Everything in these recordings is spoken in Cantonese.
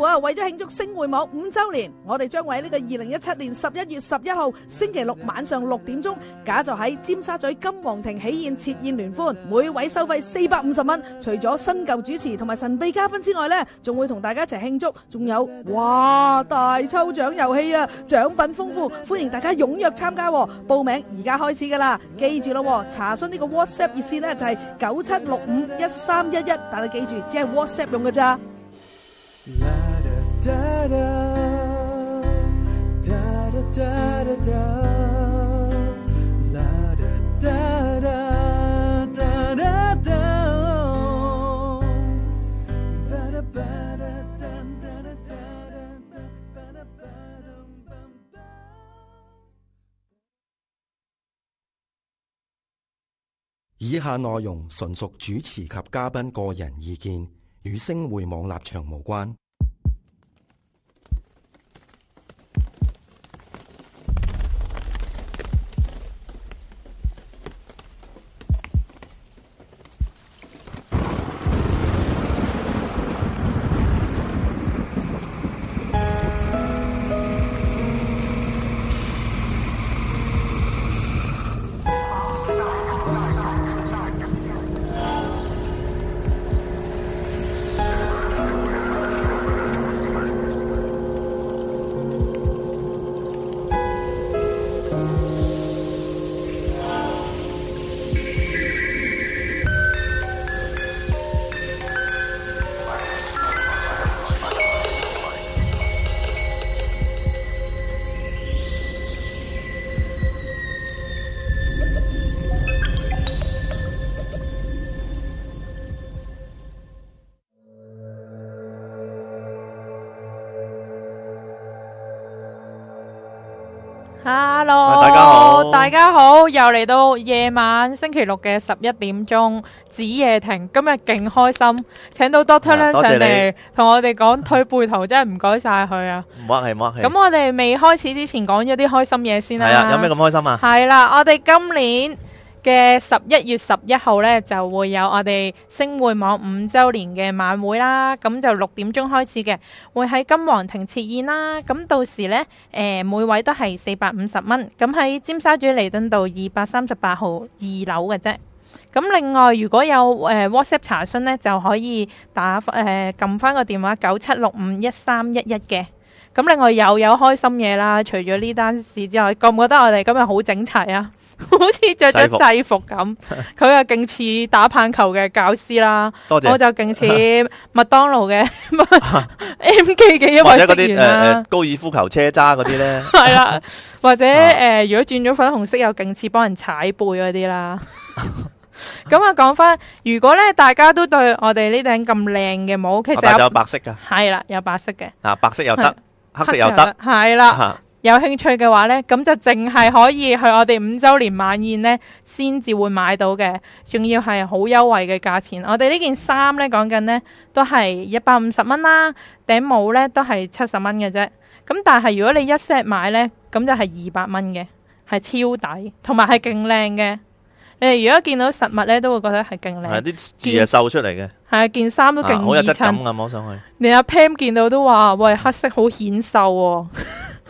我啊，為咗慶祝星匯網五周年，我哋將會喺呢個二零一七年十一月十一號星期六晚上六點鐘，假座喺尖沙咀金皇庭喜宴設宴聯歡，每位收費四百五十蚊。除咗新舊主持同埋神秘嘉賓之外咧，仲會同大家一齊慶祝，仲有哇大抽獎遊戲啊，獎品豐富，歡迎大家踴躍參加。報名而家開始噶啦，記住咯，查詢呢個 WhatsApp 熱線咧就係九七六五一三一一，但係記住只係 WhatsApp 用噶咋。以下內容純屬主持及嘉賓個人意見，與星匯網立場無關。Hello, 大家好，大家好，又嚟到夜晚星期六嘅十一點鐘，子夜亭今日勁開心，請到 Doctor 梁上嚟同我哋講推背圖，真係唔該晒佢啊！唔客氣，唔客氣。咁我哋未開始之前講咗啲開心嘢先啦。係啊，有咩咁開心啊？係啦、啊，我哋今年。嘅十一月十一號呢，就會有我哋星匯網五周年嘅晚會啦。咁就六點鐘開始嘅，會喺金皇庭設宴啦。咁到時呢，誒、呃、每位都係四百五十蚊。咁喺尖沙咀彌敦道二百三十八號二樓嘅啫。咁另外如果有誒、呃、WhatsApp 查詢呢，就可以打誒撳翻個電話九七六五一三一一嘅。咁另外又有，有開心嘢啦，除咗呢單事之外，覺唔覺得我哋今日好整齊啊？好似着咗制服咁，佢又勁似打棒球嘅教師啦。多謝，我就勁似麥當勞嘅 M K 嘅一位職員啦，啊。或者啲誒，呃呃，高爾夫球車揸嗰啲咧。係 啦，或者誒，啊呃，如果轉咗粉紅色，又勁似幫人踩背嗰啲啦。咁啊，講翻，如果咧，大家都對我哋呢頂咁靚嘅帽，其實有，有白色噶。係啦，有白色嘅。啊，白色又得。黑色又得，係啦，有興趣嘅話呢，咁就淨係可以去我哋五周年晚宴呢先至會買到嘅，仲要係好優惠嘅價錢。我哋呢件衫呢，講緊呢都係一百五十蚊啦，頂帽呢都係七十蚊嘅啫。咁但係如果你一 set 買呢，咁就係二百蚊嘅，係超抵，同埋係勁靚嘅。誒，你如果見到實物咧，都會覺得係勁靚，係啲字係瘦出嚟嘅，係件衫都勁，好、啊、有質感啊摸上去。你阿 Pam 見到都話，喂，黑色好顯瘦、哦。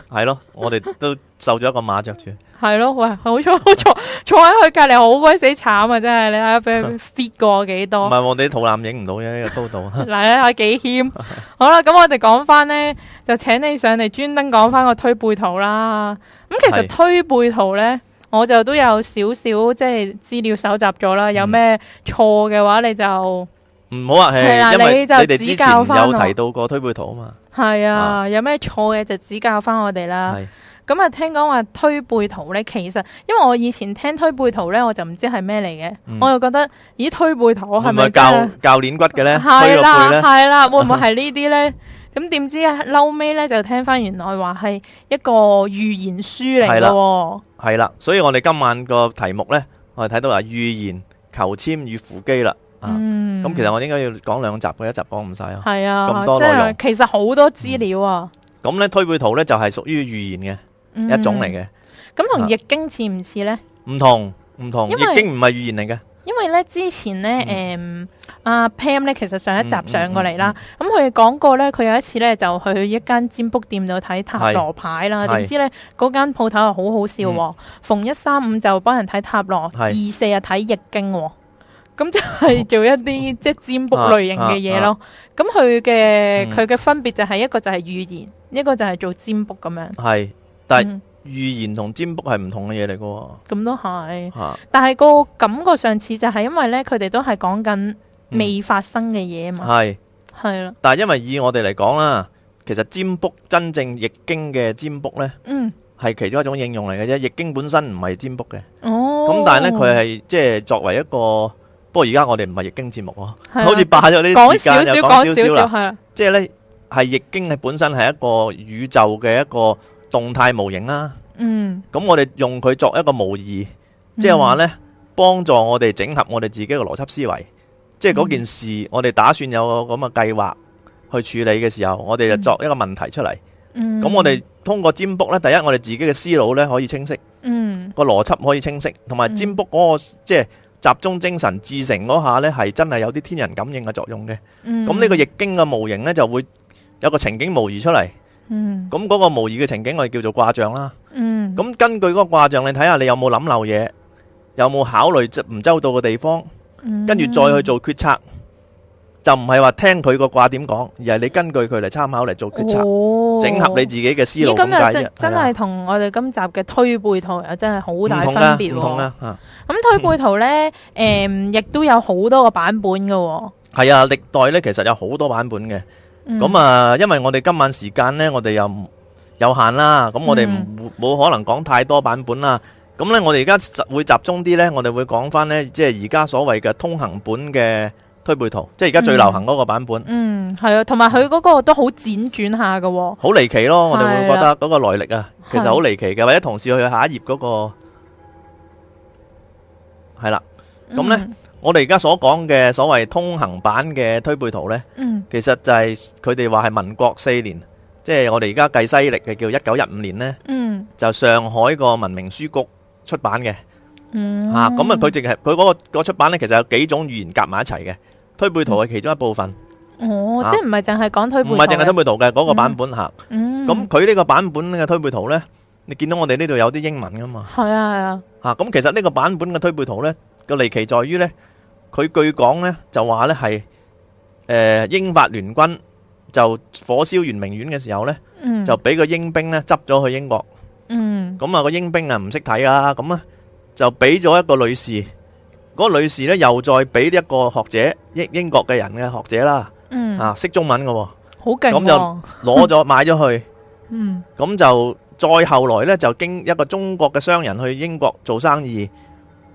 係咯的， 我哋都瘦咗一個碼着住。係咯，喂，好錯好錯坐喺佢隔籬好鬼死慘啊！真係你睇下俾佢 fit 過幾多？唔係我哋肚腩影唔到嘅呢個高度嗱，阿幾紀謙，好啦，咁我哋講翻呢，就請你上嚟專登講翻個推背圖啦。咁其實推背圖咧。我就都有少少即係資料搜集咗啦，有咩錯嘅話你就唔好啊，係啦、嗯，了因為你就指教翻。你之前有提到過推背圖啊嘛，係啊，啊有咩錯嘅就指教翻我哋啦。咁啊是，聽講話推背圖咧，其實因為我以前聽推背圖咧，我就唔知係咩嚟嘅，嗯、我就覺得咦，推背圖係咪教教練骨嘅咧？係啦、啊，係啦、啊啊，會唔會係呢啲咧？ 咁點知？後尾咧就聽翻，原來話係一個預言書嚟嘅、哦。係啦，係啦，所以我哋今晚個題目咧，我哋睇到話預言求籤與扶乩啦。嗯，咁、啊、其實我應該要講兩集，嗰一集講唔曬啊。係啊的，咁多內容，其實好多資料啊。咁咧、嗯，推背圖咧就係屬於預言嘅、嗯、一種嚟嘅。咁同、嗯、易經似唔似咧？唔同，唔同，為易經唔係預言嚟嘅。因為咧之前咧，誒、嗯，阿、嗯啊、Pam 咧，其實上一集上過嚟啦，咁佢講過咧，佢有一次咧就去一間占卜店度睇塔羅牌啦，點是知咧嗰間鋪頭又好好笑喎，嗯、逢一三五就幫人睇塔羅，是二四啊睇易經，咁就係做一啲即係占卜類型嘅嘢咯。咁佢嘅佢嘅分別就係一個就係預言，一個就係做占卜咁樣。係，但。嗯預言同占卜係唔同嘅嘢，嚟嘅，咁都係。啊、但係個感覺上似就係因為呢，佢哋都係講緊未發生嘅嘢嘛。係係啦。是是的但係因為以我哋嚟講啦，其實占卜真正易經嘅占卜呢，嗯，係其中一種應用嚟嘅啫。易經本身唔係占卜嘅。哦。咁但係呢，佢係即係作為一個，不過而家我哋唔係易經節目咯，的好似霸咗呢啲時間，講少少，又講少少啦。少少，係。即係呢，係易經係本身係一個宇宙嘅一個。動態模型啦，咁我哋用佢作一個模擬，即係話呢，幫助我哋整合我哋自己嘅邏輯思維。即係嗰件事，嗯、我哋打算有個咁嘅計劃去處理嘅時候，我哋就作一個問題出嚟。咁、嗯、我哋通過占卜呢，第一我哋自己嘅思路呢可以清晰，個邏輯可以清晰，同埋占卜嗰、那個即係、就是、集中精神、自成嗰下呢，係真係有啲天人感應嘅作用嘅。咁呢、嗯、個易經嘅模型呢，就會有個情景模擬出嚟。嗯，咁嗰個模擬嘅情景我哋叫做卦象啦。嗯，咁根據嗰個卦象，你睇下你有冇諗漏嘢，有冇考慮唔周到嘅地方，跟住再去做決策，就唔係話聽佢個卦點講，而係你根據佢嚟參考嚟做決策，整合你自己嘅思路。咁啊，真真係同我哋今集嘅推背圖又真係好大分別。唔同啦，咁推背圖呢，誒，亦都有好多個版本噶。係啊，歷代呢其實有好多版本嘅。咁、嗯、啊，因為我哋今晚時間咧，我哋又有限啦，咁我哋冇、嗯、可能講太多版本啦。咁咧，我哋而家會集中啲咧，我哋會講返咧，即係而家所謂嘅通行本嘅推背圖，即係而家最流行嗰個版本。嗯，係、嗯、啊，同埋佢嗰個都好輾轉下喎、哦。好離奇咯，我哋會覺得嗰個來歷啊，的其實好離奇嘅。或者同事去下一頁嗰、那個係啦，咁咧。我哋而家所講嘅所謂通行版嘅推背圖咧，其實就係佢哋話係民國四年，即係我哋而家計西歷嘅叫一九一五年咧，就上海個文明書局出版嘅，嚇咁啊佢淨係佢嗰個嗰出版咧，其實有幾種語言夾埋一齊嘅，推背圖係其中一部分。哦，即係唔係淨係講推背？唔係淨係推背圖嘅嗰個版本嚇。咁佢呢個版本嘅推背圖咧，你見到我哋呢度有啲英文噶嘛？係啊係啊。嚇咁其實呢個版本嘅推背圖咧，個離奇在於咧。佢據講咧，就話咧係誒英法聯軍就火燒圓明園嘅時候咧，就俾個英兵咧執咗去英國。嗯，咁啊個英兵啊唔識睇啊，咁啊就俾咗一個女士，嗰個女士咧又再俾一個學者咧英英國嘅人嘅學者啦，啊識中文嘅喎，好勁！咁就攞咗買咗去。嗯，咁就再後來咧就經一個中國嘅商人去英國做生意，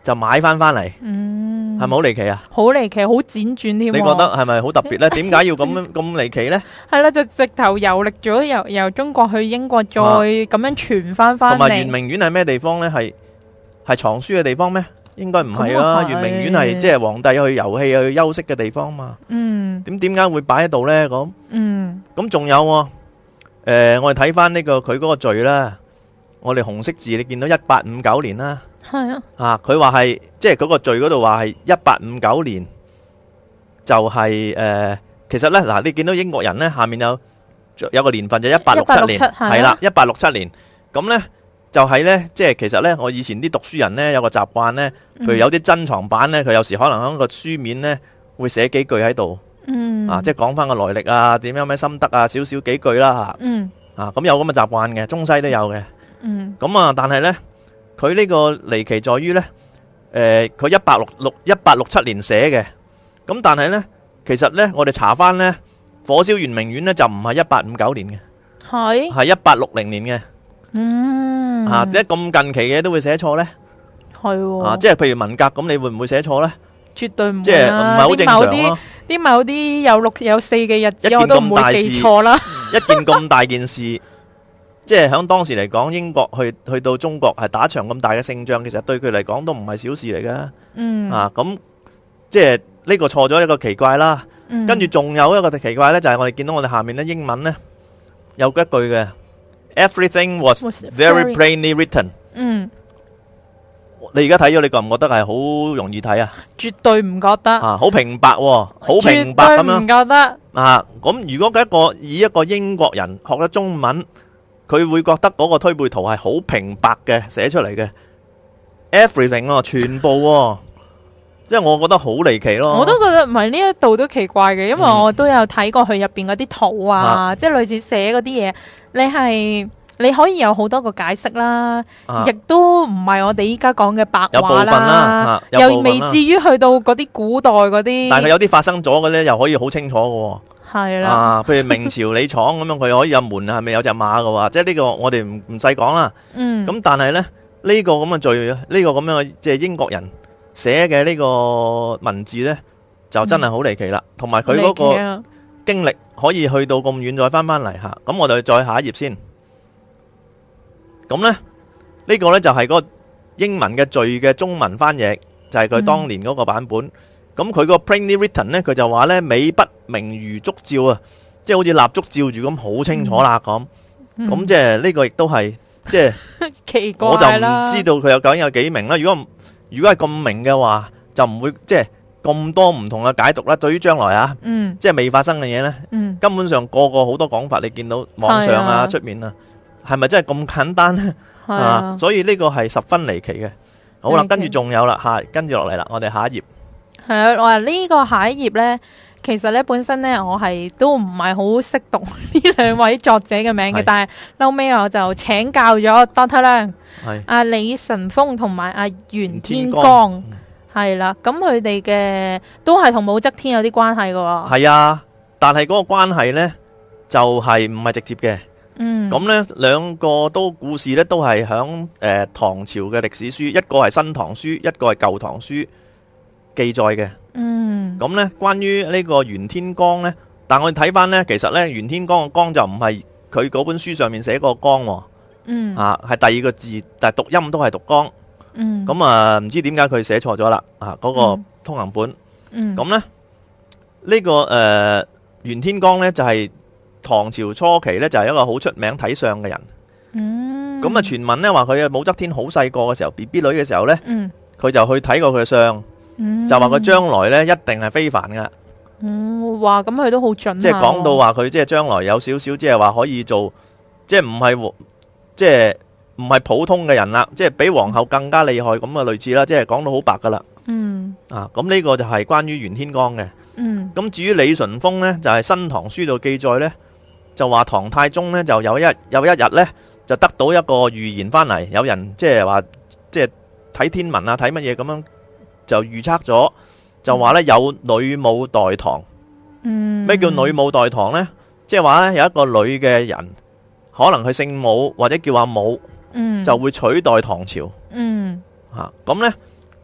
就買翻翻嚟。嗯。係咪好離奇啊！好離奇，好輾轉添。你覺得係咪好特別咧？點解 要咁咁離奇咧？係啦， 就直頭遊歷咗由由中國去英國再，再咁樣傳翻翻嚟。同埋圓明園係咩地方咧？係係藏書嘅地方咩？應該唔係啊！圓明園係即係皇帝去遊戲、去休息嘅地方嘛。嗯。點點解會擺喺度咧？咁嗯。咁仲有誒、啊呃，我哋睇翻呢個佢嗰個罪啦。我哋紅色字你見到一八五九年啦。係是啊，啊，啊佢話係即係嗰個罪嗰度話係一八五九年，就係、是、誒、呃，其實咧嗱、啊，你見到英國人咧下面，有有個年份就一八六七年，係啦、啊，一八六七年，咁咧就係、是、咧，即係其實咧，我以前啲讀書人咧有個習慣咧，譬如、嗯、有啲珍藏版咧，佢有時可能喺個書面咧會寫幾句喺度，嗯啊，即係講返個來歷啊，點樣咩心得啊，少少幾句啦吓，嗯、啊咁有咁嘅習慣嘅，中西都有嘅，嗯咁啊，但係咧。佢呢個離奇在於呢，誒、呃，佢一八六六一八六七年寫嘅，咁但係呢，其實呢，我哋查翻呢，火燒圓明園呢，就唔係一八五九年嘅，係係一八六零年嘅，嗯，啊，點解咁近期嘅都會寫錯呢？係，即係譬如文革，咁你會唔會寫錯呢？絕對唔，即係唔係好正常咯，啲某啲有六有四嘅日子，我都唔會記錯啦，一件咁大件事。 即係喺當時嚟講，英國去去到中國係打場咁大嘅勝仗，其實對佢嚟講都唔係小事嚟㗎。嗯，啊咁，即係呢個錯咗一個奇怪啦。嗯，跟住仲有一個奇怪呢，就係我哋見到我哋下面呢，英文呢，有一句嘅 Everything was very plainly written。嗯，你而家睇咗，你覺唔覺得係好容易睇啊？絕對唔覺得。啊，好平白喎，好平白咁樣。絕對唔覺得。啊，咁如果一個以一個英國人學咗中文。佢會覺得嗰個推背圖係好平白嘅寫出嚟嘅，everything 喎、啊，全部、啊，即係 我覺得好離奇咯、啊。我都覺得唔係呢一度都奇怪嘅，因為我都有睇過佢入面嗰啲圖啊，嗯、即係類似寫嗰啲嘢，你係你可以有好多個解釋啦，亦、嗯、都唔係我哋依家講嘅白話啦，又未至於去到嗰啲古代嗰啲。但係有啲發生咗嘅咧，又可以好清楚喎、啊。係啦，是啊，譬如明朝李闖咁樣，佢可以入門係咪 有隻馬嘅話，即係呢個我哋唔唔使講啦。嗯，咁但係咧呢個咁嘅罪，呢、這個咁樣即係、就是、英國人寫嘅呢個文字咧，就真係好離奇啦。同埋佢嗰個經歷可以去到咁遠，再翻翻嚟吓。咁我哋再下一頁先。咁咧呢、這個咧就係個英文嘅罪嘅中文翻譯，就係、是、佢當年嗰個版本。嗯嗯咁佢個 plainly written 咧，佢就話咧美不明如燭照啊，即係好似蠟燭照住咁好清楚啦咁。咁、嗯、即係呢個亦都係即係是，奇我就唔知道佢有究竟有幾明啦。如果如果係咁明嘅話，就唔會即係咁多唔同嘅解讀啦。對於將來啊，嗯、即係未發生嘅嘢咧，嗯、根本上個個好多講法，你見到網上啊、出面啊，係咪真係咁簡單咧？啊，啊，所以呢個係十分離奇嘅。好啦奇，跟住仲有啦，下跟住落嚟啦，我哋下一頁。係啦，我話呢個下一頁咧，其實咧本身咧，我係都唔係好識讀呢兩位作者嘅名嘅，是的但係後尾我就請教咗 doctor 梁，係阿李淳風同埋阿袁天罡，係啦江，咁佢哋嘅都係同武則天有啲關係嘅，係啊，但係嗰個關係咧就係唔係直接嘅，嗯，咁咧兩個都故事咧都係響誒唐朝嘅歷史書，一個係新唐書，一個係舊唐書。記載嘅，嗯，咁咧關於呢個袁天罡咧，但我哋睇翻咧，其實咧袁天罡嘅罡就唔係佢嗰本書上面寫個罡，嗯，啊係第二個字，但係讀音都係讀罡。嗯，咁啊唔知點解佢寫錯咗啦，啊嗰、啊那個通行本，嗯，咁、嗯、咧呢、這個誒袁、呃、天罡咧就係、是、唐朝初期咧就係、是、一個好出名睇相嘅人，嗯，咁啊傳聞咧話佢啊武則天好細個嘅時候，B B 女嘅時候咧，嗯，佢就去睇過佢嘅相。嗯、就話佢將來咧，一定係非凡噶。嗯，哇，咁佢都好準。說到說即係講到話佢，即係將來有少少，即係話可以做，即係唔係，即係唔係普通嘅人啦，即係比皇后更加厲害咁嘅類似啦，即係講到好白噶啦。嗯。啊，咁呢個就係關於袁天罡嘅。嗯。咁至於李淳風呢就係、是《新唐書》度記載呢就話唐太宗呢就有一有一日呢就得到一個預言翻嚟，有人即係話即係睇天文啊，睇乜嘢咁樣。就預測咗，就話咧有女武代唐。嗯，咩叫女武代唐呢？即係話咧有一個女嘅人，可能佢姓武或者叫阿武，嗯，就會取代唐朝。嗯，咁呢，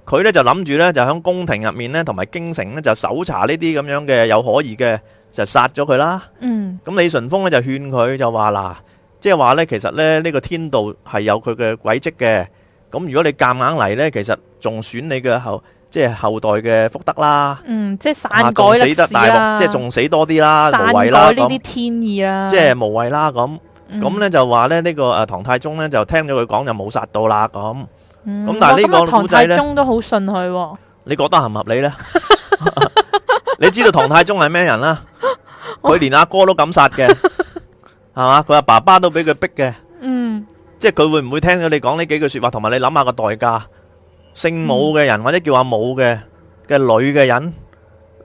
佢呢就諗住呢，就喺宮廷入面呢，同埋京城呢，就搜查呢啲咁樣嘅有可疑嘅就殺咗佢啦。嗯，咁李淳風呢，就勸佢就話嗱，即係話呢，其實呢呢個天道係有佢嘅軌跡嘅。咁如果你夾硬嚟咧，其實仲損你嘅後，即係後代嘅福德啦。嗯，即係散改死得大鑊啦。即係仲死多啲啦，無謂啦。咁呢啲天意啦，即係無謂啦。咁咁咧就話咧呢個誒唐太宗咧就聽咗佢講就冇殺到啦。咁咁但係呢個故仔咧，唐太宗都好信佢。你覺得合唔合理咧？你知道唐太宗係咩人啦？佢連阿哥都敢殺嘅，係嘛？佢阿爸爸都俾佢逼嘅。嗯。即係佢會唔會聽到你講呢幾句說話，同埋你諗下個代價？姓武嘅人或者叫阿武嘅嘅女嘅人，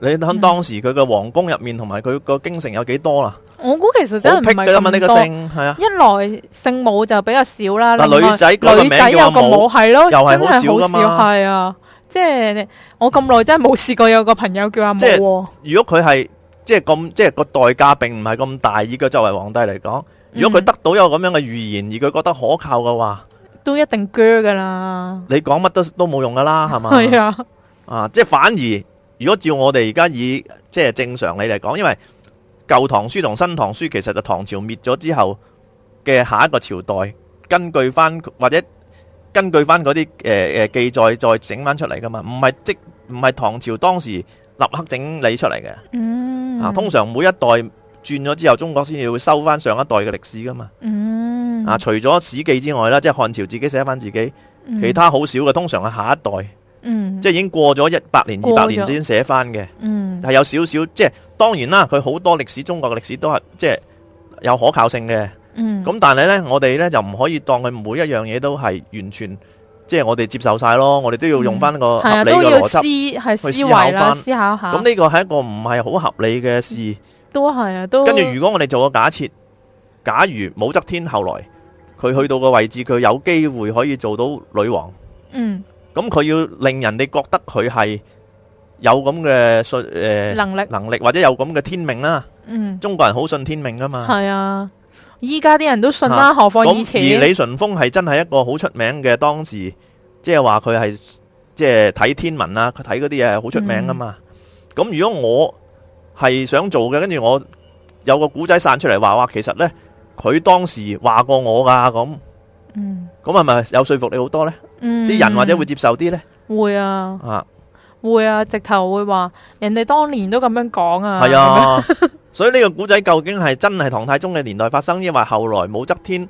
你響當時佢個皇宮入面，同埋佢個京城有幾多啊？我估其實真唔係咁多。一來姓武就比較少啦。嗱，女仔個名叫阿武係咯，又係好少啦嘛。係啊，即係我咁耐真係冇試過有個朋友叫阿武。如果佢係。即係咁，即係個代價並唔係咁大。以佢作為皇帝嚟講，如果佢得到有咁樣嘅預言，而佢覺得可靠嘅話，都一定鋸噶啦。你講乜都都冇用噶啦，係嘛？係啊的，啊，即係反而，如果照我哋而家以即係正常嚟講，因為舊唐書同新唐書其實就唐朝滅咗之後嘅下一個朝代，根據翻或者根據翻嗰啲誒誒記載再整翻出嚟噶嘛，唔係即唔係唐朝當時。立刻整理出嚟嘅，嗯、啊，通常每一代轉咗之後，中國先至會收翻上一代嘅歷史噶嘛，嗯、啊，除咗史記之外啦，即係漢朝自己寫翻自己，嗯、其他好少嘅，通常係下一代，嗯、即係已經過咗一百年、二百了年先寫翻嘅，係、嗯、有少少，即係當然啦，佢好多歷史中國嘅歷史都係即係有可靠性嘅，咁、嗯、但係呢，我哋呢就唔可以當佢每一樣嘢都係完全。即係我哋接受晒咯，我哋都要用翻個合理嘅邏輯去思考翻、嗯啊，思考下。咁呢個係一個唔係好合理嘅事。嗯、都係啊，都。跟住如果我哋做個假設，假如武則天後來佢去到個位置，佢有機會可以做到女王。嗯。咁佢要令人哋覺得佢係有咁嘅信誒能力，能力或者有咁嘅天命啦。嗯。中國人好信天命噶嘛？係啊。依家啲人都信啦、啊，何況以前、啊。而李淳風係真係一個好出名嘅，當時即係話佢係即係睇天文呀、啊，佢睇嗰啲嘢好出名噶嘛。咁、嗯、如果我係想做嘅，跟住我有個古仔散出嚟話，哇，其實呢，佢當時話過我噶。咁，咁係咪有說服你好多呢？啲、嗯、人或者會接受啲呢？會啊。啊會啊，直頭會話人哋當年都咁樣講啊。係啊，是嗎所以呢個古仔究竟係真係唐太宗嘅年代發生，因為後來武則天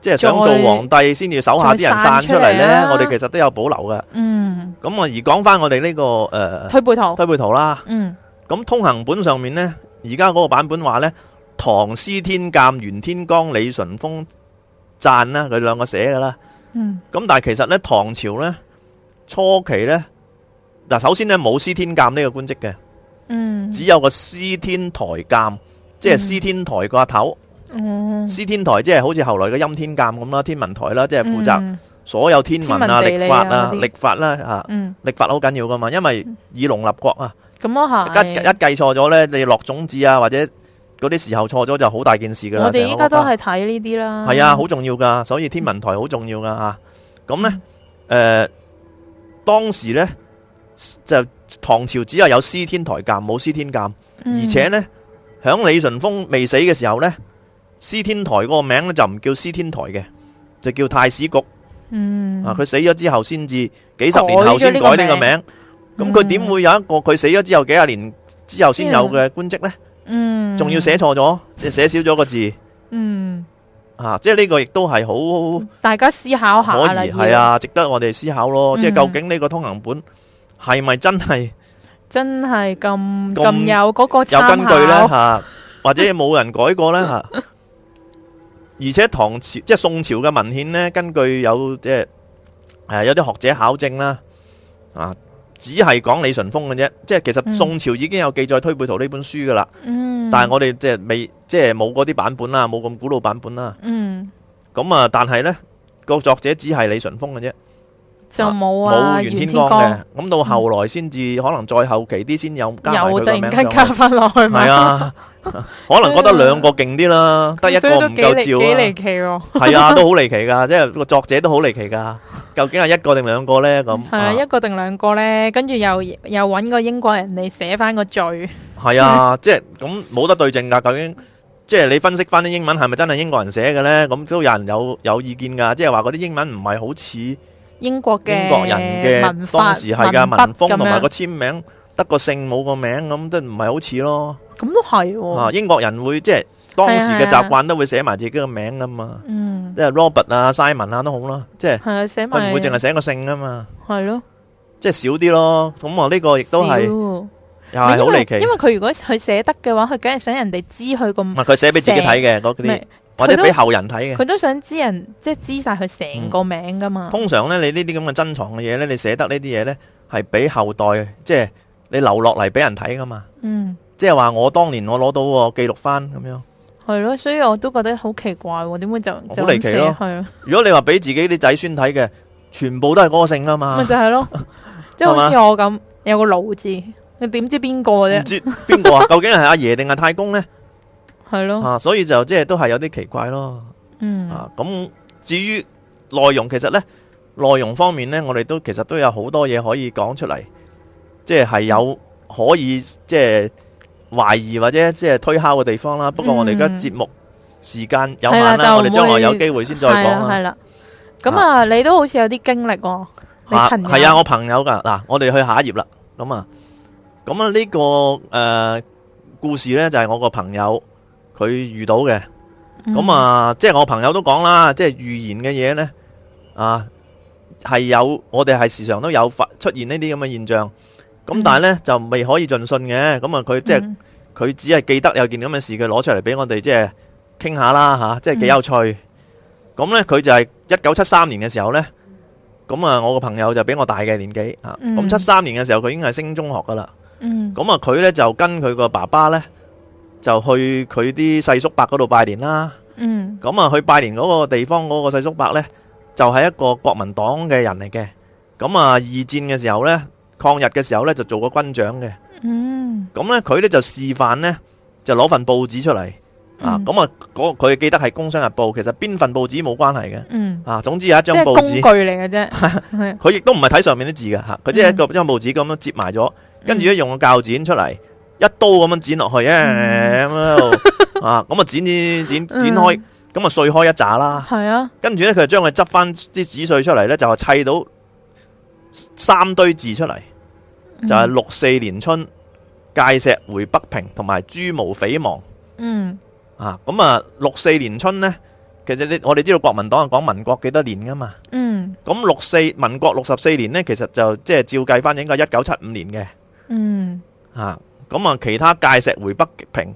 即係想做皇帝先至手下啲人散出嚟，呢。啊、我哋其實都有保留㗎。嗯，咁我而講翻我哋呢個誒，呃、推背圖，推背圖啦。嗯，咁通行本上面呢，而家嗰個版本話呢，唐詩天鑒袁天罡、李淳風撰啦，佢兩個寫噶啦。嗯，咁但係其實呢，唐朝呢，初期呢。嗱，首先咧，冇司天監呢個官職嘅，嗯，只有個司天台監，即係司天台個阿頭，嗯，司天台即係好似後來嘅欽天監咁啦，天文台啦，即係負責所有天文啊、曆法啊、曆、嗯、法啦，啊，曆法好緊要噶嘛，因為以農立國啊，咁我、嗯、一一計錯咗咧，你落種子啊，或者嗰啲時候錯咗就好大件事噶啦，我哋依家都係睇呢啲啦，係啊，好重要噶，所以天文台好重要噶吓，咁、啊、咧，誒、嗯呃，當時咧。就唐朝只係有司天台監，冇司天監。嗯、而且呢，響李淳風未死嘅時候呢，司天台嗰個名咧就唔叫司天台嘅，就叫太史局。嗯，啊，佢死咗之後才，先至幾十年後先改呢個名。咁佢點會有一個佢死咗之後幾廿年之後先有嘅官職呢嗯？嗯，仲要寫錯咗，即係寫少咗個字。嗯，啊，即係呢個亦都係好，大家思考下。可以係為啊，值得我哋思考咯。即係、嗯、究竟呢個通行本。係咪真係真係咁咁有嗰個有根據咧吓？或者冇人改過咧吓？而且唐朝即係宋朝嘅文獻咧，根據有即係誒有啲學者考證啦，啊，只係講李淳風嘅啫。即係其實宋朝已經有記載《推背圖》呢本書噶啦，嗯，但係我哋即係未即係冇嗰啲版本啦，冇咁古老版本啦，嗯。咁啊，但係咧個作者只係李淳風嘅啫。就冇啊冇袁天罡嘅，咁到後來先至可能再後期啲先有，又突然間加返落去，係啊，可能覺得兩個勁啲啦，得一個唔夠照啊，幾離奇喎，係啊，都好離奇噶，即係個作者都好離奇噶，究竟係一個定兩個咧咁？係啊，一個定兩個咧，跟住又又搵個英國人嚟寫翻個序，係啊，即係咁冇得對證噶，究竟即係你分析翻啲英文係咪真係英國人寫嘅咧？咁都有人有有意見噶，即係話嗰啲英文唔係好似。英國嘅英國人嘅文風，當時係噶文風，同埋個簽名得個姓冇個名，咁都唔係好似咯，咁都係喎。英國人會即係當時嘅習慣都會寫埋自己嘅名噶嘛，即係 Robert 啊 Simon 啊都好啦，即係係啊，寫埋，佢唔會淨係寫個姓噶嘛，係咯，即係少啲咯。咁我呢個亦都係又係好離奇，因為佢如果佢寫得嘅話，佢梗係想人哋知佢個唔係佢寫俾自己睇嘅嗰啲，或者俾後人睇嘅，佢都想知人，即係知晒佢成個名噶嘛、嗯。通常咧，你呢啲咁嘅珍藏嘅嘢咧，你寫得呢啲嘢咧，係俾後代，即係你留落嚟俾人睇噶嘛。嗯，即係話我當年我攞到記錄翻咁樣，係咯，所以我都覺得好奇怪喎，點會就就唔識？係啊，如果你話俾自己啲仔孫睇嘅，全部都係嗰個姓嘛。咪 就係咯，即係好似我咁有個老字，你點知邊個啫？唔知邊個啊？究竟係阿爺定係太公咧？係是咯、啊、所以就即係都係有啲奇怪咯。嗯啊，咁至於內容其實咧，內容方面咧，我哋都其實都有好多嘢，可以講出嚟，即係係有可以即係懷疑或者即係推敲嘅地方啦。不過我哋而家節目時間有限啦，嗯、我哋將來有機會先再講係啦，咁啊，啊你都好似有啲經歷喎。你朋友吓係啊，我朋友噶嗱、啊，我哋去下一頁啦。咁啊，咁啊、這個，呢個誒故事咧就係、是、我個朋友。佢遇到嘅，咁、嗯、啊，即係我朋友都講啦，即係預言嘅嘢呢，啊係有，我哋係時常都有發出現呢啲咁嘅現象，咁但係呢，嗯、就未可以盡信嘅。咁啊佢即係佢、嗯、只係記得有件咁嘅事佢，攞出嚟俾我哋即係傾下啦吓，即係幾、啊、有趣，咁呢，佢就係一九七三年嘅時候呢。咁啊我個朋友就比我大嘅年紀吓，咁、嗯、七三年嘅時候佢已經係升中學噶啦，咁啊佢呢就跟佢個爸爸呢。就去佢啲細叔伯嗰度拜年啦。嗯，咁啊去拜年嗰個地方嗰個細叔伯呢，就係一個國民黨嘅人嚟嘅。咁啊二戰嘅時候呢，抗日嘅時候呢，就做過軍長嘅。嗯，咁呢，佢呢就示範呢，就攞份報紙出嚟、嗯、啊。咁啊，佢記得係《工商日報》，其實邊份報紙冇關係嘅。嗯，啊，總之有一張。報紙。即係工具嚟嘅啫。佢亦都唔係睇上面啲字㗎。吓、嗯，佢即係一個張報紙咁樣折埋咗，跟住咧用個鉸剪出嚟。一刀咁樣剪落去啊，咁啊，剪剪剪剪開，咁啊碎開一扎啦。係啊，跟住咧，佢就將佢執翻啲紙碎出嚟咧，就係、是、砌到三堆字出嚟，嗯、就係六四年春介石回北平，同埋朱毛匪亡。嗯啊，咁啊，六四年春咧，其實你我哋知道國民黨係講民國幾多年噶嘛。嗯，咁六四民國六十四年咧，其實就即係、就是、照計翻，應該一九七五年嘅。嗯啊。咁啊，其他介石回北平，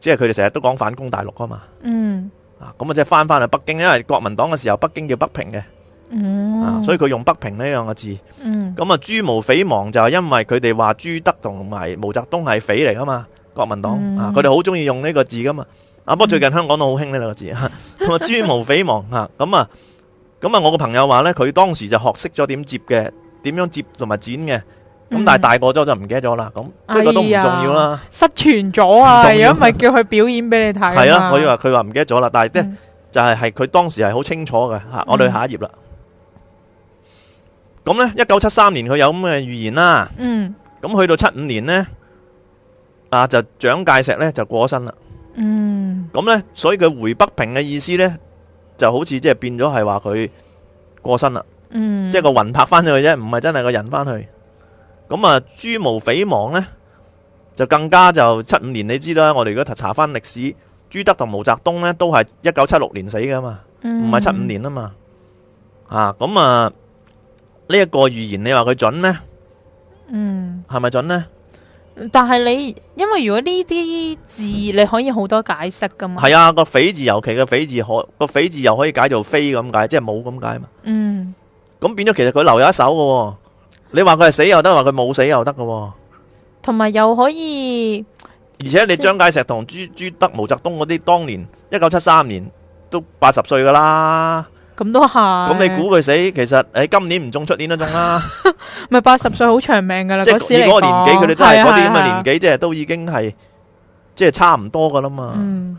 即係佢哋成日都講反攻大陸啊嘛。嗯，啊，咁啊，即係翻翻去北京，因為國民黨嘅時候，北京叫北平嘅。嗯，啊，所以佢用北平呢兩個字。嗯，咁啊，朱毛匪亡就係因為佢哋話朱德同埋毛澤東係匪嚟，啊嘛，國民黨、嗯、啊，佢哋好中意用呢個字噶嘛。不過最近香港都好興呢兩個字啊，咁啊，朱毛匪亡，咁啊，咁啊，我個朋友話咧，佢當時就學識咗點接嘅，點樣接同埋剪嘅。咁、嗯、但係大個咗就唔記得咗啦。咁呢個都唔重要啦，失傳咗啊，係啊，咪叫佢表演俾你睇。係啊，我以為佢話唔記得咗啦，但係、嗯、呢，就係係佢當時係好清楚嘅吓。我哋下一頁啦。咁咧，一九七三年佢有咁嘅預言啦。嗯。咁去到七五年呢，啊，就蔣介石咧就過身啦。嗯。咁咧，所以佢回北平嘅意思咧，就好似即係變咗係話佢過身啦。嗯。即係個魂魄翻咗去啫，唔係真係個人翻去。咁啊，朱毛匪亡咧，就更加就七五年，你知道啦。我哋如果查翻歷史，朱德同毛澤東咧都係一九七六年死噶嘛，唔係七五年啊嘛。啊，咁啊，呢、這、一個預言你話佢準咩？嗯，係咪準呢？但係你因為如果呢啲字， 你可以好多解釋噶嘛？係啊，個匪字尤其個匪字可個匪字又可以解做非」咁解，即係冇咁解嘛。嗯，咁變咗其實佢留有一手噶、啊。你話佢係死又得，話佢冇死又得喎。同埋又可以。而且你蔣介石同朱朱德、毛澤東嗰啲，當年一九七三年都八十歲噶啦，咁都係。咁你估佢死？其實誒、哎，今年唔中出年都中啦、啊。咪八十歲好長命噶啦，嗰是時嗰個年紀佢哋都係嗰啲咁嘅年紀、就是，即係的都已經係即係差唔多噶啦嘛。嗯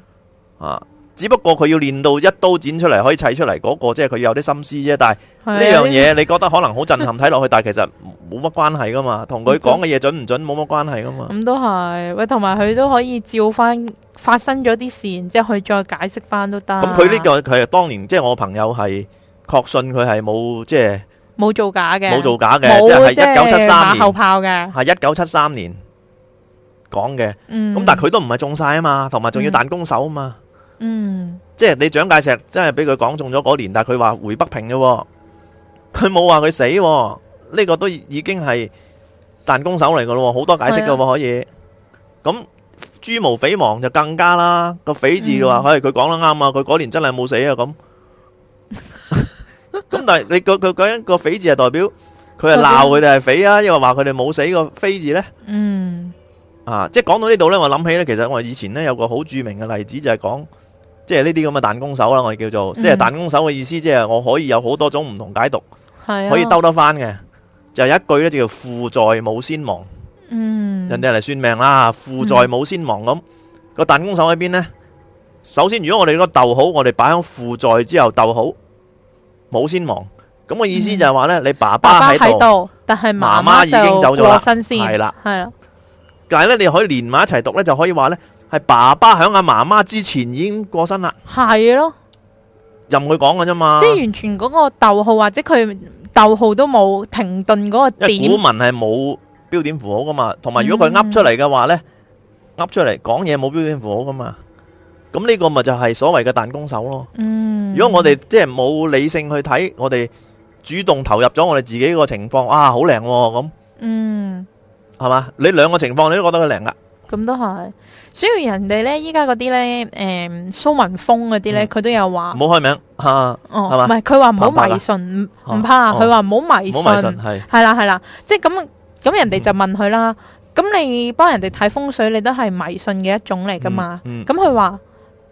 啊。只不過佢要練到一刀剪出嚟可以砌出嚟嗰個，即係佢有啲心思啫。但係呢樣嘢，你覺得可能好震撼睇落去，但係其實冇乜關係噶嘛，同佢講嘅嘢準唔準冇乜關係噶嘛。咁都係喂，同埋佢都可以照翻發生咗啲事，然之後去再解釋翻都得。咁佢呢個佢啊當年即係我朋友係確信佢係冇即係冇造假嘅，冇造假嘅，即係一九七三年。後炮嘅係一九七三年講嘅，咁但係佢都唔係中晒啊嘛，同埋仲要彈弓手啊嘛。嗯，即係你蔣介石真係俾佢講中咗嗰年，但係佢話回北平嘅，佢冇話佢死，呢、呢個都已，已經係彈弓手嚟噶咯，好多解釋噶、啊、可以。咁朱毛匪亡就更加啦，個匪字嘅話，佢講得啱啊，佢嗰年真係冇死啊咁。咁但係你個個講緊個匪字係代表佢係鬧佢哋係匪啊？因為話佢哋冇死個匪字咧。嗯，啊，即係講到呢度咧，我諗起咧，其實我以前咧有個好著名嘅例子就係、是、講。即係呢啲咁嘅彈弓手啦，我哋叫做，即係彈弓手嘅意思，即係我可以有好多種唔同解讀，嗯、可以兜得翻嘅。就有一句咧就叫父在母先亡。嗯，人哋嚟算命啦，父在母先亡咁、嗯、個彈弓手喺邊呢？首先，如果我哋個逗號，我哋擺喺父在之後逗號「冇先亡。咁、那、嘅、個、意思就係話咧，嗯、你爸爸喺度，但係媽媽已經走咗啦，係啦，係啦。但係咧，你可以連埋一齊讀咧，就可以話咧。係爸爸響阿媽媽之前已經過身啦，係咯的，任佢講嘅啫嘛，即係完全嗰個逗號或者佢逗號都冇停頓嗰個點。因為古文係冇標點符號噶嘛，同埋如果佢噏出嚟嘅話咧，噏、嗯、出嚟講嘢冇標點符號噶嘛，咁呢個咪就係所謂嘅彈弓手咯。嗯，如果我哋即係冇理性去睇，我哋主動投入咗我哋自己個情況，啊，好靚咁，嗯，係嘛？你兩個情況你都覺得佢靚噶，咁都係。所以人哋咧，依家嗰啲咧，誒蘇文峰嗰啲咧，佢都有話，唔好開名吓，係嘛？唔係佢話唔好迷信，唔唔怕，佢話唔好迷信，係啦係啦，即係咁咁，人哋就問佢啦。咁你幫人哋睇風水，你都係迷信嘅一種嚟噶嘛？咁佢話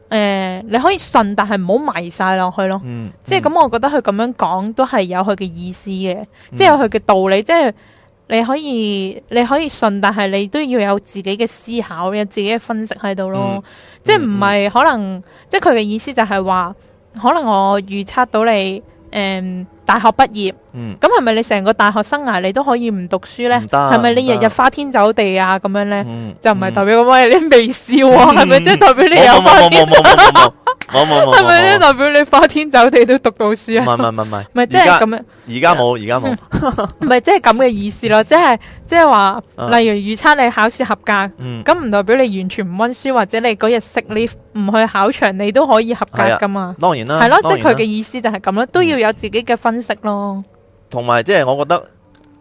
誒，你可以信，但係唔好迷晒落去咯。即係咁，我覺得佢咁樣講都係有佢嘅意思嘅，即係有佢嘅道理，即係。你可以你可以信，但係你都要有自己嘅思考，有自己嘅分析喺度咯。即係唔係可能，嗯、即係佢嘅意思就係話，可能我預測到你誒、嗯、大學畢業，咁係咪你成個大學生涯你都可以唔讀書呢？係咪行你日日花天酒地啊咁行樣呢，嗯、就唔係代表我喂你微笑喎、啊，係咪即係代表你有花、嗯？嗯 冇冇冇，係咪咧？代表你花天酒地都讀到書啊？唔係唔唔係，唔係即係咁樣。而家冇，而家冇，唔係即係咁嘅意思咯。即係即係話，例如預測你考試合格，咁唔代表你完全唔溫書，或者你嗰日食你唔去考場，你都可以合格噶嘛？當然啦，係咯，即係佢嘅意思就係咁咯，都要有自己嘅分析咯。同埋即係，我覺得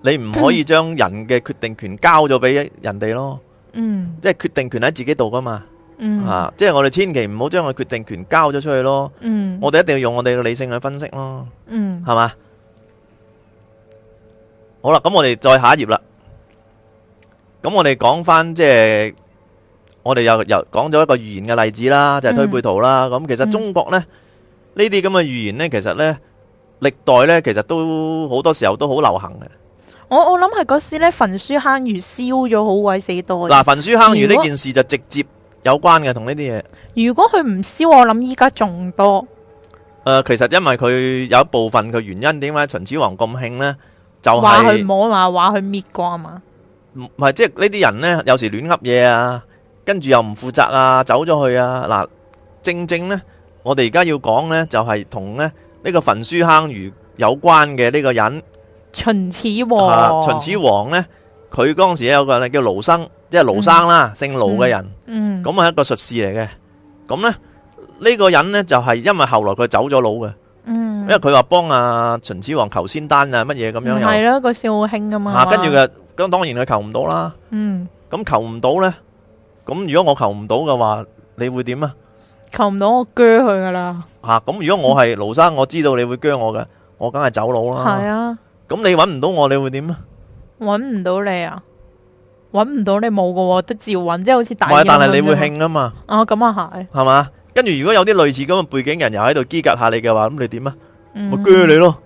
你唔可以將人嘅決定權交咗俾人哋咯。嗯，即係決定權喺自己度噶嘛。嗯，啊、即係我哋千祈唔好將個決定權交咗出去咯。嗯，我哋一定要用我哋嘅理性去分析咯。嗯，係嘛？好啦，咁我哋再下一頁啦。咁我哋講翻，即係我哋又又講咗一個預言嘅例子啦，就係、是、推背圖啦。咁、嗯、其實中國呢，呢啲咁嘅預言呢，其實呢，歷代呢，其實都好多時候都好流行嘅。我我諗係嗰時呢，焚書坑儒燒咗好鬼死多。嗱、啊，焚書坑儒呢件事就直接。有關嘅同呢啲嘢，如果佢唔燒，我諗依家仲多。誒、呃，其實因為佢有一部分嘅原因點解秦始皇咁興呢？就係話佢摸埋，話佢搣過啊嘛。唔係，即係呢啲人呢，有時亂噏嘢啊，跟住又唔負責啊，走咗去啊。嗱，正正呢，我哋而家要講呢，就係同咧呢、這個焚書坑儒有關嘅呢個人，秦始皇、啊。秦始皇呢，佢當時有個人叫盧生。即係盧生啦，嗯、姓盧嘅人，咁係、嗯嗯、一個術士嚟嘅。咁咧呢、呢個人咧就係因為後來佢走咗佬嘅，嗯、因為佢話幫阿秦始皇求仙丹樣啊乜嘢咁樣。係咯，個時好興噶嘛。跟住嘅咁當然佢求唔到啦。嗯。咁求唔到咧，咁如果我求唔到嘅話，你會點啊？求唔到我鋸佢噶啦。吓，咁如果我係盧生， 我知道你會鋸我嘅，我梗係走佬啦。係啊。咁你搵唔到我，你會點啊？搵唔到你啊？搵唔到你冇噶喎，都照搵，即係好似大。但係你會興啊嘛？哦，咁啊係。係嘛？跟住如果有啲類似咁嘅背景人又喺度機格下你嘅話，咁你點啊？我鋸你咯。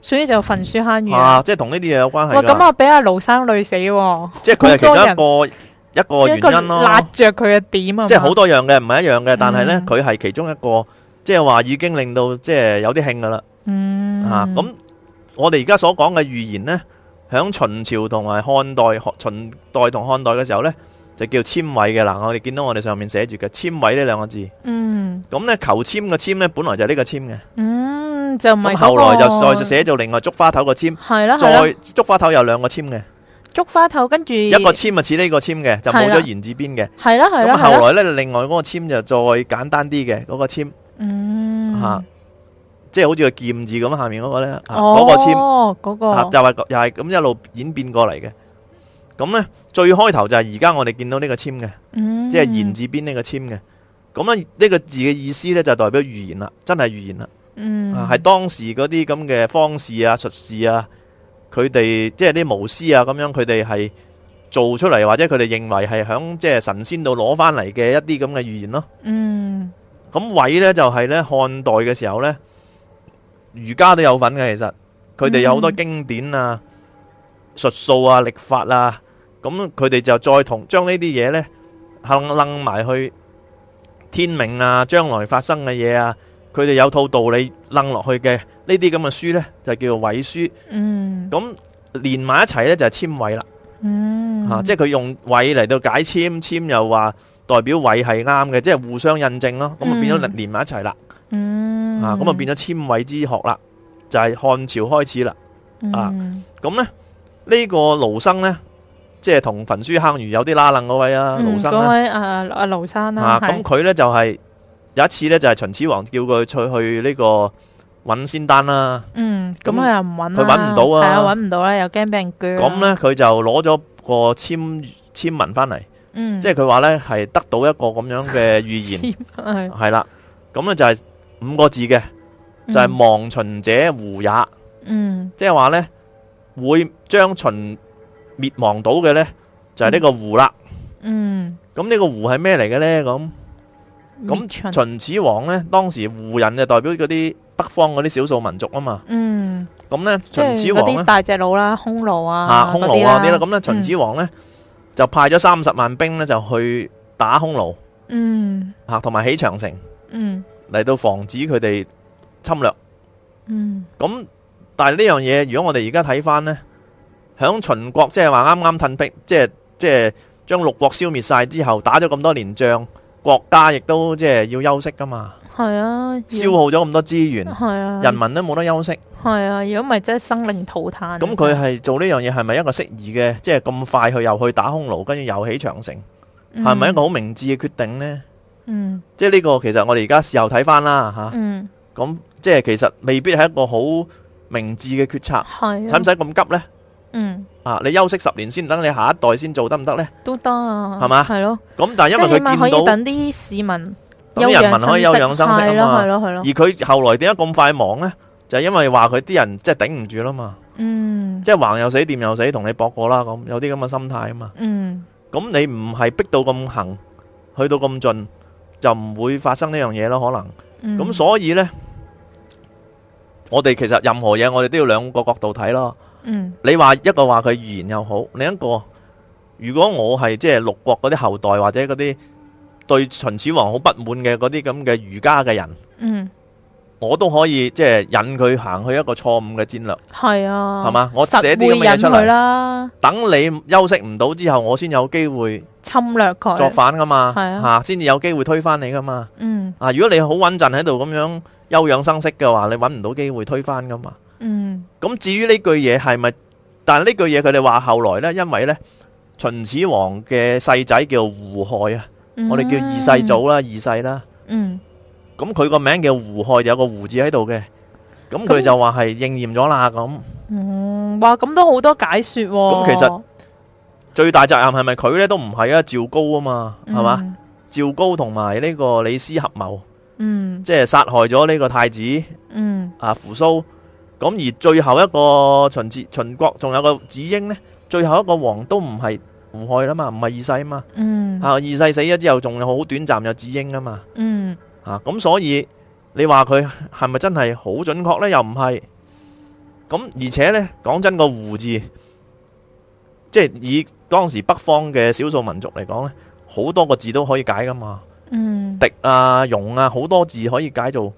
所以就焚書坑儒啊，即係同呢啲嘢有關係。哇，咁啊，俾阿盧生累死。即係佢係其中一個一個原因咯。壓着佢嘅點啊，即係好多樣嘅，唔係一樣嘅。但係咧，佢係其中一個，即係話已經令到即係有啲興噶啦。嗯。啊，咁我哋而家所講嘅預言咧。喺秦朝同埋漢代、秦代同漢代嘅時候呢，就叫簽位嘅嗱。我哋見到我哋上面寫住嘅簽位呢兩個字。嗯。咁呢，求簽嘅簽呢，本來就係呢個簽嘅。嗯，就唔係、嗰個、後來就再就寫咗另外竹花頭個簽。係啦。再竹的花頭有兩個簽嘅。竹花頭跟住。一個簽就似呢個簽嘅，就冇咗言字邊嘅。係啦係啦。咁後來呢，另外嗰個簽就再簡單啲嘅嗰個簽。嗯。嚇、啊、～即係好似個劍字咁，下面嗰個咧，嗰、哦、個籤、嗰個啊，就係又係咁一路演變過嚟嘅。咁咧，最開頭就係而家我哋見到個、嗯、個呢個籤嘅，即係言字邊呢個籤嘅。咁咧，呢個字嘅意思咧就代表預言啦，真係預言啦。嗯，係、啊、當時嗰啲咁嘅方士啊、術士啊，佢哋即係啲巫師啊，咁樣佢哋係做出嚟，或者佢哋認為係響即係神仙度攞翻嚟嘅一啲咁嘅預言咯。嗯，咁位咧就係咧漢代嘅時候咧。儒家都有份嘅，其實佢哋有好多經典啊、術數啊、曆法啊，咁佢哋就再同將呢啲嘢咧，掕掕埋去天命啊，將來發生嘅嘢啊，佢哋有套道理掕落去嘅，呢啲咁嘅書咧就叫做緯書，嗯，咁連埋一齊咧就係讖緯啦，嗯，啊，即係佢用緯嚟到解讖，讖又話代表緯係啱嘅，即係互相印證咯，咁啊變咗連埋一齊啦，嗯。啊，咁啊變咗千位之學啦，就係漢朝開始啦。啊，咁咧呢個盧生咧，即係同焚書坑儒有啲拉楞嗰位啊，盧生啦。嗯，嗰位誒誒盧生啦。啊，咁佢咧就係有一次咧就係秦始皇叫佢出去呢個搵仙丹啦。嗯，咁佢又唔搵佢搵唔到啊，係啊，搵唔到啦，又驚俾人卷。咁咧佢就攞咗個籤籤文翻嚟。嗯，即係佢話咧係得到一個咁樣嘅預言。係係啦，咁咧就係。五個字嘅就係、是、亡秦者胡也。嗯，嗯，嗯，即係話呢，會將秦滅亡到嘅呢，就係呢個胡啦，嗯，咁呢個胡係咩嚟嘅呢？咁咁秦始皇呢，當時胡人就代表嗰啲北方嗰啲少數民族啊嘛，嗯，咁呢，秦始皇呢，大隻佬啦匈奴啊，匈奴啊啲啦，咁呢，秦始皇呢，啊、皇呢就派咗三十萬兵呢，就去打匈奴，嗯，吓同埋起長城，嗯。嚟到防止佢哋侵略，嗯，咁但係呢樣嘢，如果我哋而家睇翻呢，響秦國即係話啱啱吞併，即係即係將六國消滅晒之後，打咗咁多年仗，國家亦都即係要休息噶嘛，係啊，消耗咗咁多資源，係啊，人民都冇得休息，係啊，如果唔係真係生靈塗炭。咁佢係做呢樣嘢係咪一個適宜嘅？即係咁快去又去打匈奴，跟住又起長城，係咪、嗯、一個好明智嘅決定呢？嗯，即係呢個其實我哋而家事後睇翻啦吓，咁即係其實未必係一個好明智嘅決策，使唔使咁急呢？嗯，啊，你休息十年先，等你下一代先做得唔得呢？都得，係嘛？係咯，咁但係因為佢見到，等啲市民，有啲人民可以休養生息啊嘛，係咯係咯，而佢後來點解咁快亡呢？就係因為話佢啲人即係頂唔住啦嘛，嗯，即係橫又死，掂又死，同你博過啦，咁有啲咁嘅心態啊嘛，嗯，咁你唔係逼到咁行，去到咁盡。就唔會發生呢樣嘢咯，可能。咁、嗯、所以呢，我哋其實任何嘢我哋都要兩個角度睇咯。嗯，你話一個話佢預言又好，另一個如果我係即係六國嗰啲後代或者嗰啲對秦始皇好不滿嘅嗰啲咁嘅儒家嘅人，嗯。我都可以即係引佢行去一個錯誤嘅戰略，係啊，係嘛？我寫啲咁嘅嘢出嚟啦。等你休息唔到之後，我先有機會侵略佢，作反噶嘛，係啊，先至有機會推翻你噶嘛。嗯，啊，如果你好穩陣喺度咁樣休養生息嘅話，你搵唔到機會推翻噶嘛。嗯，咁至於呢句嘢係咪？但係呢句嘢佢哋話後來呢，因為呢秦始皇嘅細仔叫胡亥啊，我哋叫二世祖啦，二世啦。嗯。咁佢個名叫胡亥，有個胡字喺度嘅，咁佢就話係應驗咗啦咁。嗯，哇，咁都好多解說喎、哦。咁其實最大責任係咪佢咧？都唔係啊，趙高啊嘛，係嘛、嗯？趙高同埋呢個李斯合謀，嗯，即係殺害咗呢個太子，嗯，啊扶蘇。咁而最後一個秦國，秦國仲有個子嬰呢？最後一個王都唔係胡亥啊嘛，唔係二世嘛，嗯，啊二世死咗之後，仲有好短暫有子嬰啊嘛，嗯。啊，咁所以你話佢係咪真係好準確呢？又唔係，咁而且呢，講真個胡字，即係以當時北方嘅少數民族嚟講呢，好多個字都可以解噶嘛。嗯。狄啊、戎啊，好多字可以解做。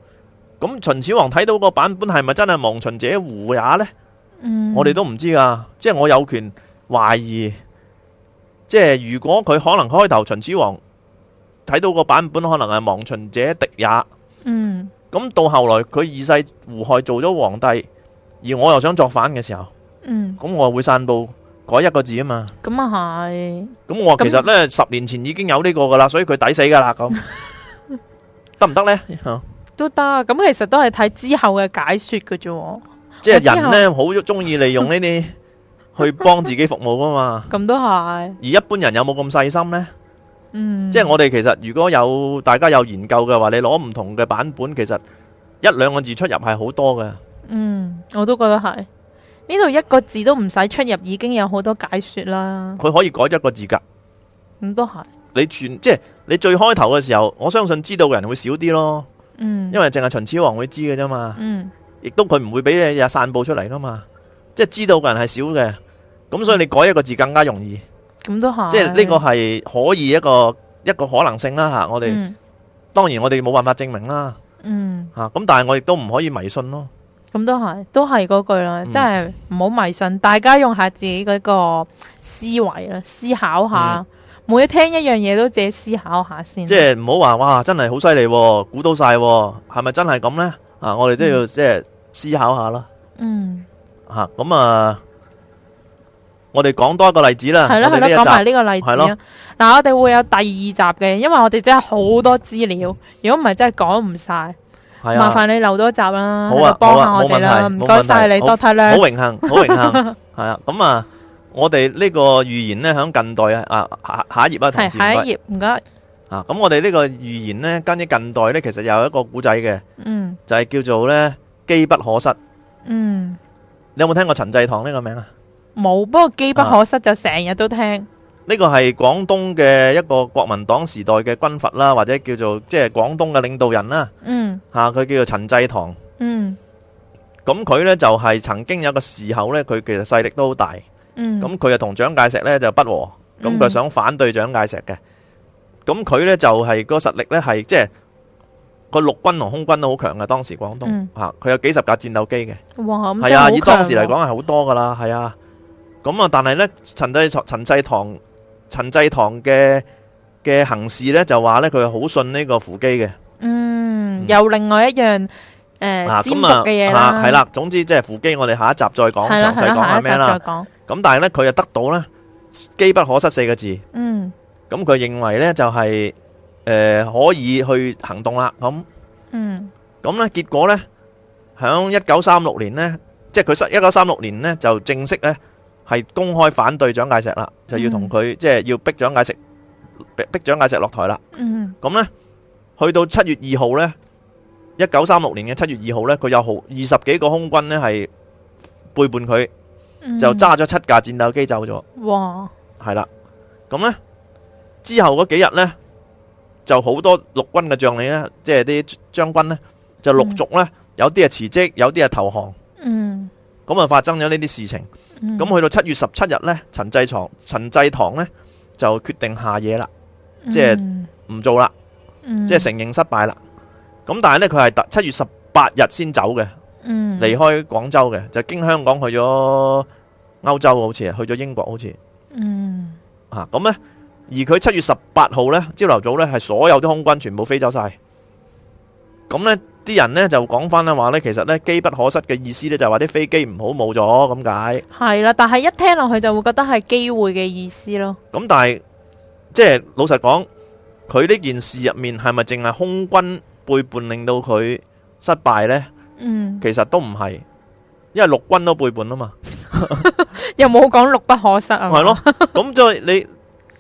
咁秦始皇睇到個版本係咪真係亡秦者胡也呢？嗯。我哋都唔知噶，即係我有權懷疑，即係如果佢可能開頭秦始皇。睇到個版本可能係亡秦者狄也，嗯，咁到後來佢二世胡亥做咗皇帝，而我又想作反嘅時候，嗯，咁我會散布改一個字啊嘛，咁啊係，咁、嗯、我其實呢，嗯、十年前已經有呢個噶啦，所以佢抵死噶啦咁，得唔得呢？都得，咁其實都係睇之後嘅解說噶啫，即係人呢，好中意利用呢啲去幫自己服務噶嘛，咁都係，嗯嗯嗯、而一般人有冇咁細心呢？嗯，即係我哋其實如果有大家有研究嘅話，你攞唔同嘅版本，其實一兩個字出入係好多嘅。嗯，我都覺得係呢度一個字都唔使出入，已經有好多解說啦。佢可以改一個字噶，咁、嗯、都係。你全即係你最開頭嘅時候，我相信知道嘅人會少啲咯。嗯，因為淨係秦始皇會知嘅啫嘛。嗯，亦都佢唔會俾你散播出嚟噶嘛。即係知道嘅人係少嘅，咁所以你改一個字更加容易。咁都係，即係呢個係可以一個一個可能性啦吓，我哋、嗯、當然我哋冇辦法證明啦，嗯吓，咁但係我亦都唔可以迷信咯。咁都係，都係嗰句啦，即係唔好迷信，大家用下自己嗰個思維啦，思考下，嗯、每聽一樣嘢都自己思考下先。即係唔好話哇，真係好犀利，估到晒，係咪真係咁呢？啊，我哋都要、嗯、即係思考下啦。嗯，吓咁啊。我哋講多一個例子啦，係啦係啦，講埋呢個例子。係咯，嗱，我哋會有第二集嘅，因為我哋真係好多資料，如果唔係真係講唔晒。係啊，麻煩你留多一集啦，好啊，好啊，冇問題，冇問題，好榮幸，好榮幸。係啊，咁啊，我哋呢個預言呢，響近代啊，啊下一頁啊，同事，下一頁，唔該。啊，咁我哋呢個預言呢，跟住近代呢，其實有一個古仔嘅，嗯，就係叫做呢機不可失。嗯，你有冇聽過陳濟棠呢個名啊？冇，不過機不可失，就成日都聽呢個係廣東嘅一個國民黨時代嘅軍閥啦，或者叫做即係廣東嘅領導人啦。嗯，吓佢叫做陳濟棠。嗯，咁佢呢就係曾經有個時候呢，佢其實勢力都好大。嗯，咁佢又同蔣介石呢就不和，咁佢想反對蔣介石嘅。咁佢呢就係個實力呢係即係個陸軍同空軍都好強嘅。當時廣東吓佢有幾十架戰鬥機嘅哇，係啊，以當時嚟講係好多噶啦，係啊。咁啊！但係咧，陳濟陳濟棠陳濟棠嘅嘅行事咧，就話咧佢係好信呢個扶乩嘅。嗯，又另外一樣誒，尖銳嘅嘢啦，係啦。總之即係扶乩，我哋下一集再講，詳細講下咩啦。咁但係咧，佢又得到咧機不可失四個字。嗯。咁佢認為咧就係誒可以去行動啦。咁嗯。咁咧結果咧，響一九三六年咧，即係佢失一九三六年咧就正式咧。係公開反對蔣介石啦，就要同佢、嗯、即係要逼蔣介石逼逼蔣介石落台啦。嗯，咁呢，去到七月二號呢，一九三六年嘅七月二號呢，佢有好二十幾個空軍呢係背叛佢，嗯、就揸咗七架戰鬥機走咗。哇！係啦，咁呢，之後嗰幾日呢，就好多陸軍嘅將領呢，即係啲將軍呢，就陸續呢，有啲係辭職，有啲係投降。嗯。嗯咁啊，就發生咗呢啲事情，咁去到七月十七日呢，陳濟棠，陳濟棠呢就決定下野啦，即係唔做啦，即係、嗯、承認失敗啦。咁但係呢，佢係特七月十八日先走嘅，離、嗯、開廣州嘅，就經香港去咗歐洲好，好似去咗英國好，好似、嗯，啊咁呢，而佢七月十八號呢，朝頭早呢，係所有啲空軍全部飛走晒，咁呢。啲人咧就講翻嘅話咧，其實咧，機不可失嘅意思咧就係話啲飛機唔好冇咗咁解。係啦，但係一聽落去就會覺得係機會嘅意思咯。咁但係即係老實講，佢呢件事入面係咪淨係空軍背叛令到佢失敗呢？嗯，其實都唔係，因為陸軍都背叛啦嘛。又冇講陸不可失啊？係咯，咁再你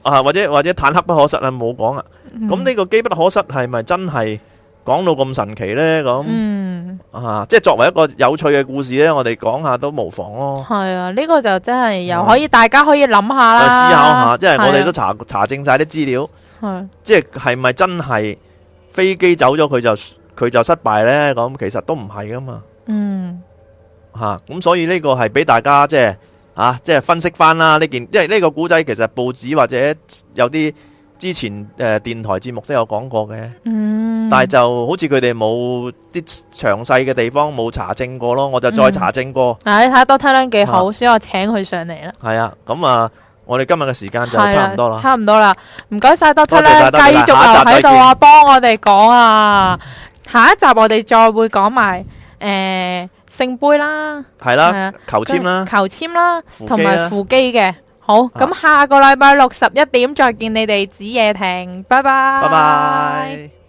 啊，或者或者坦克不可失啊，冇講啊。咁呢個機不可失係咪真係？講到咁神奇呢，咁、嗯啊、即係作為一個有趣嘅故事呢，我哋講下都無妨咯。係啊，呢、這個就真係又可以大家可以諗下啦，啊就是、思考下。即係我哋都查、啊、查證晒啲資料，啊、即係係咪真係飛機走咗佢就佢就失敗呢？咁其實都唔係噶嘛。嗯，吓咁、啊、所以呢個係俾大家即係啊，即係分析翻啦呢件，因為呢個古仔其實報紙或者有啲。之前誒、呃、電台節目都有講過嘅，嗯、但就好似佢哋冇啲詳細嘅地方冇查證過咯，我就再查證過。嗱、嗯嗯啊，你睇下多添靂幾好，啊、所以我請佢上嚟啦。係啊，咁、嗯、啊，我哋今日嘅時間就差唔多啦、啊。差唔多啦，唔該晒多添靂，多多太繼續喺度啊，幫我哋講啊。下一集我哋、嗯、再會講埋誒聖杯啦，係、啊啊、啦，求簽啦，求簽啦，同埋扶乩嘅。好，咁、啊、下個禮拜六十一點再見你，你哋子夜亭，拜拜，拜拜。